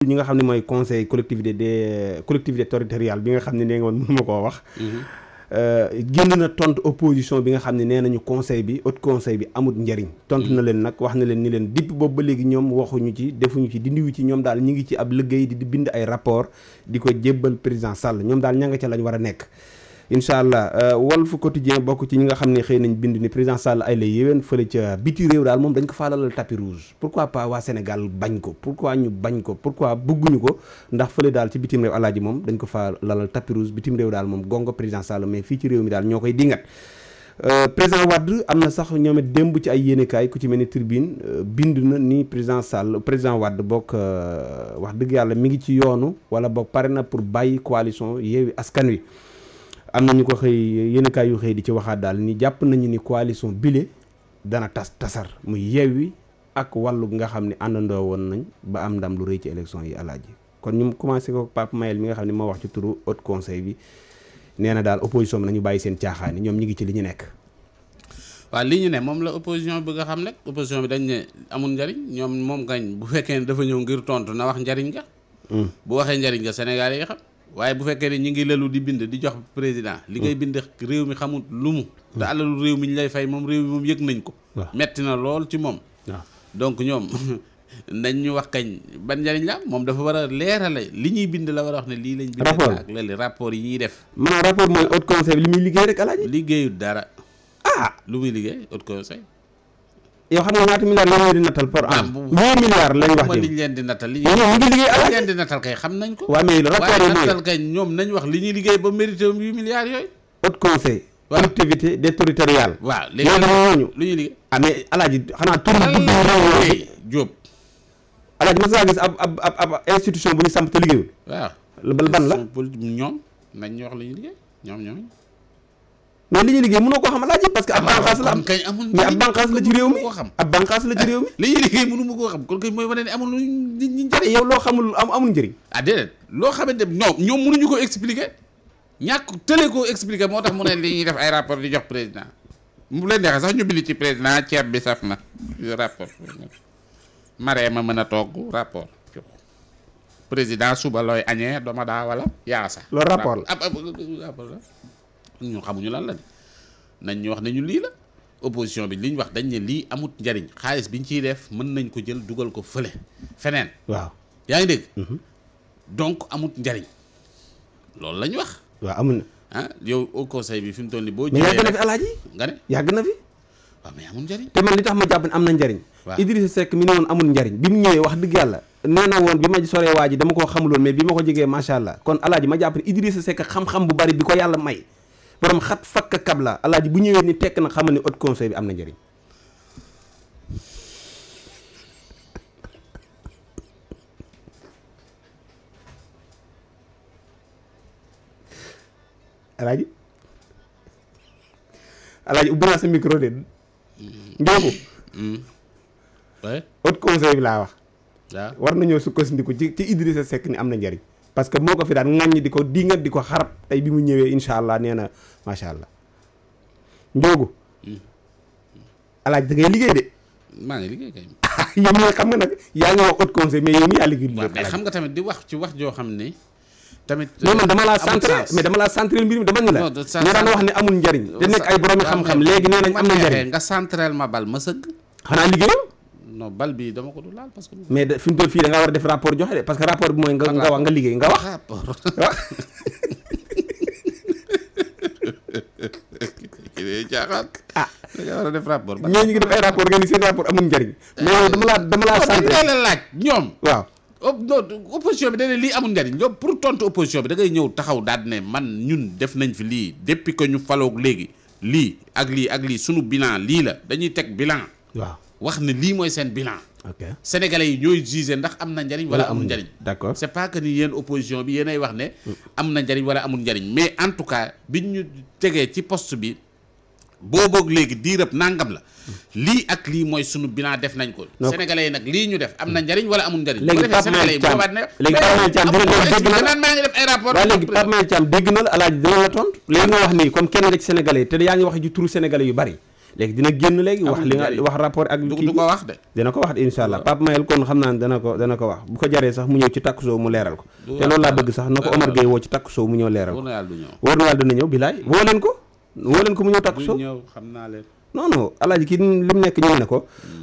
ñi nga xam ne mooy conseil collectivité des collectivité territoriale bi nga xam ne nee nga woon mënuma ko wax mhm. euh, génn na tont opposition bi nga xam ne nee nañu conseil bi haut conseil bi amut njariñ tontu na mhm. leen nag wax na leen ni leen dipp boobu ba léegi ñoom waxuñu ci defuñu ci dindiwu ci ñoom daal ñi ngi ci ab liggéey di bind ay rapport di ko jébbal président Sall ñoom daal ña nga ca lañ war a nekk incha allah euh, Walf Quotidien bokk ci ñi nga xam ne xëy nañ bind ni président Sall ay la yéwén fële ca biti réew daal moom dañ ko faalalal tapis rouge pourquoi pas waa Sénégal bañ ko pourquoi ñu bañ ko pourquoi bëgguñu ko ndax fële daal ci bitim réew alaaji moom dañ ko faalalal tapis rouge bitim réew daal moom gongo président Sall mais fii ci réew mi daal ñoo koy dingat euh, président Wade am na sax ñoom it démb ci ay yéenekaay ku ci mel ni tribune euh, bind na ni président Sall président Wade bokk wax dëgg yàlla mi ngi ci yoonu wala bokk pare na pour bàyyi coalition Yewwi Askan Wi am na ñu ko xëy yenn kaay yu xëy di ci waxaat daal ni jàpp nañu ni coalition bile dana tas tasar mu Yewwi ak wàllu nga xam ne àndandoo woon nañ ba am ndam lu rëy ci élection yi alaaji kon ñu mu commencé ko Pape Mayel mi nga xam ne moo wax ci turu haut conseil bi nee na daal opposition bi nañu bàyyi seen caaxaani ñoom ñi ngi ci li ñu nekk. waaw li ñu ne moom la opposition bi nga xam nag opposition bi dañ ne amul njariñ ñoom moom gañ bu fekkee ne dafa ñëw ngir tontu na wax njariñ nga hmm. waxee njariñ nga waaye bu fekkee ne ñu ngi lelu di bind di jox président li ngay bind réew mi xamul lu mu te réew mi ñu lay fay moom réew mi moom yëg nañ ko metti na lool ci moom donc ñoom nañ wax kañ ban njariñ la moom dafa war a leerale li ñuy bind la war a wax ne lii lañ bind ak lële rapport yi ñuy def maanaam rapport mooy haut conseil li muy liggéey rek alaaji liggéeyu dara ah lu muy liggéey haut conseil yow xam nga ñaata milliards lañ leen di nattal par an. Ah, huit milliards lañ wax de. liñ leen di nattal li leen di nattal xam nañ ko. waaw mais rapport yi nattal wax li ñuy liggéey ba mérité huit milliards yooyu. haut conseil. collectivité des territoriales. waaw léegi ñooñu lu ñuy liggéey. ah mais alaaji xanaa tur bi gudd réew Jóob alaaji mos nga gis ab ab ab institution bu ñu samp te liggéeyul. waaw ban la. ñoom nañ ñu wax li ñuy liggéey ñoom ñoom. mais li ñuy liggéey mënoo koo xam laaj parce que ab bànqaas la am kañ amul mais ab bànqaas la ci réew mi koo xam ab bànqaas la ci réew mi li ñuy liggéey mënu ma koo xam kon kay mooy wane ne amul ñu njëriñ yow loo xamul am amul njëriñ ah déedéet loo xamante ñoom ñoom mënuñu ko expliquer ñàkk tële koo expliquer moo tax mu ne li ñuy def ay rapport di jox président mu leen neexee sax ñu bind ci président ceeb bi saf na rapport maree ma mën a togg rapport président suba looy añee dooma daa wala yaasa loolu rapport la ñun xamuñu lan la nañ ñu wax nañu ñu lii la opposition bi li ñu wax dañ ne lii amut njariñ xaalis bi ñu ciy def mën nañ ko jël dugal ko fële feneen. waaw yaa ngi dégg. Mhm. donc amut njariñ loolu la ñu wax. waaw amul ah, bi fi mu toll nii boo. mais yàgg na fi na fi. waaw mais amul njariñ te man li tax ma jàpp ne am na njariñ Idrissa Seck mi ne woon amul njariñ bi mu ñëwee wax dëgg yàlla nee na woon bi ma soree waa ji dama koo xamuloon mais bi ma ko jegee macha allah kon alaaji ma jàpp ne Idrissa Seck xam-xam bu bari bi ko yàlla may borom xat fakk kabla alaaji bu ñëwee ni tekk na xamal ni haut conseil bi am na njëriñ alaaji alaaji ubbi naa sa micro de njooku mm. mm. haut conseil bi laa wax war nañoo sukkandiku ci ci Idrissa Seck ni am na njariñ parce que moo ko fi daan ŋàññ di ko dingat di ko xarab tey bi mu ñëwee incha allah nee na macha allah njoogu hmm. alaaj da ngay liggéey de maa ngi liggéey kay yow mi xam nga yaa ngi wax haut conseil mais yow mi liggéey waaw mais xam nga tamit di wax ci wax joo xam ne tamit non man dama laa centré mais dama laa centré mbir mi dama ñu la ñoo wax ne amul njariñ te nekk ay borom xam-xam léegi nee nañ am na njariñ nga centré ma bal ma sëgg xanaa liggéeyam non bal bi dama ko du laal parce que. mais de fi mu toll fii da war a def rapport joxe de parce rapport bi mooy nga nga wax nga liggéey nga wax. rapport ah. da a def rapport. ñooñu ngi def ay rapport nga ni seen rapport amul njariñ. mais dama laa dama laa sant la ñoom. waaw. opposition bi da ne lii amul njariñ loolu pour tontu opposition bi da ñëw taxaw daal ne man ñun def nañ fi lii depuis que ñu faloog léegi lii ak lii ak lii sunu bilan lii la dañuy teg bilan. waaw. wax ne lii mooy seen bilan. ok sénégalais yi ñooy jugé ndax am na njariñ wala amul njariñ d'accord c'est pas que ni yéen opposition bi yéenay wax ne. am na njariñ wala amul njariñ mais en tout cas biñ ñu tegee ci poste bi. boo boog léegi diirëb nangam la lii ak lii mooy sunu bilan def nañ ko sénégalais yi nag lii ñu def am na njariñ wala amul njariñ léegi Pape Malick Thiam léegi Pape Malick Thiam dégg maa ngi def ay rapport waaw léegi Pape Malick Thiam dégg na la alaaji dina la tontu léegi nga wax nii comme kenn rek sénégalais te yaa ngi wax ji turu sénégalais yu bari léegi dina génn léegi wax li nga wax rapport ak kii du ko wax de dina ko wax de incha allah Pape Mayel xam naa ne dana ko dana ko wax bu ko jaree sax mu ñëw ci takku soow mu leeral ko te loolu laa bëgg sax na ko Omar Gueye woo ci takku soow mu ñëw leeral ko wóor na yàlla dina ñëw woo leen ko mu ñëw takku soow ñëw xam naa leen non non kii li mu nekk ñu ne ko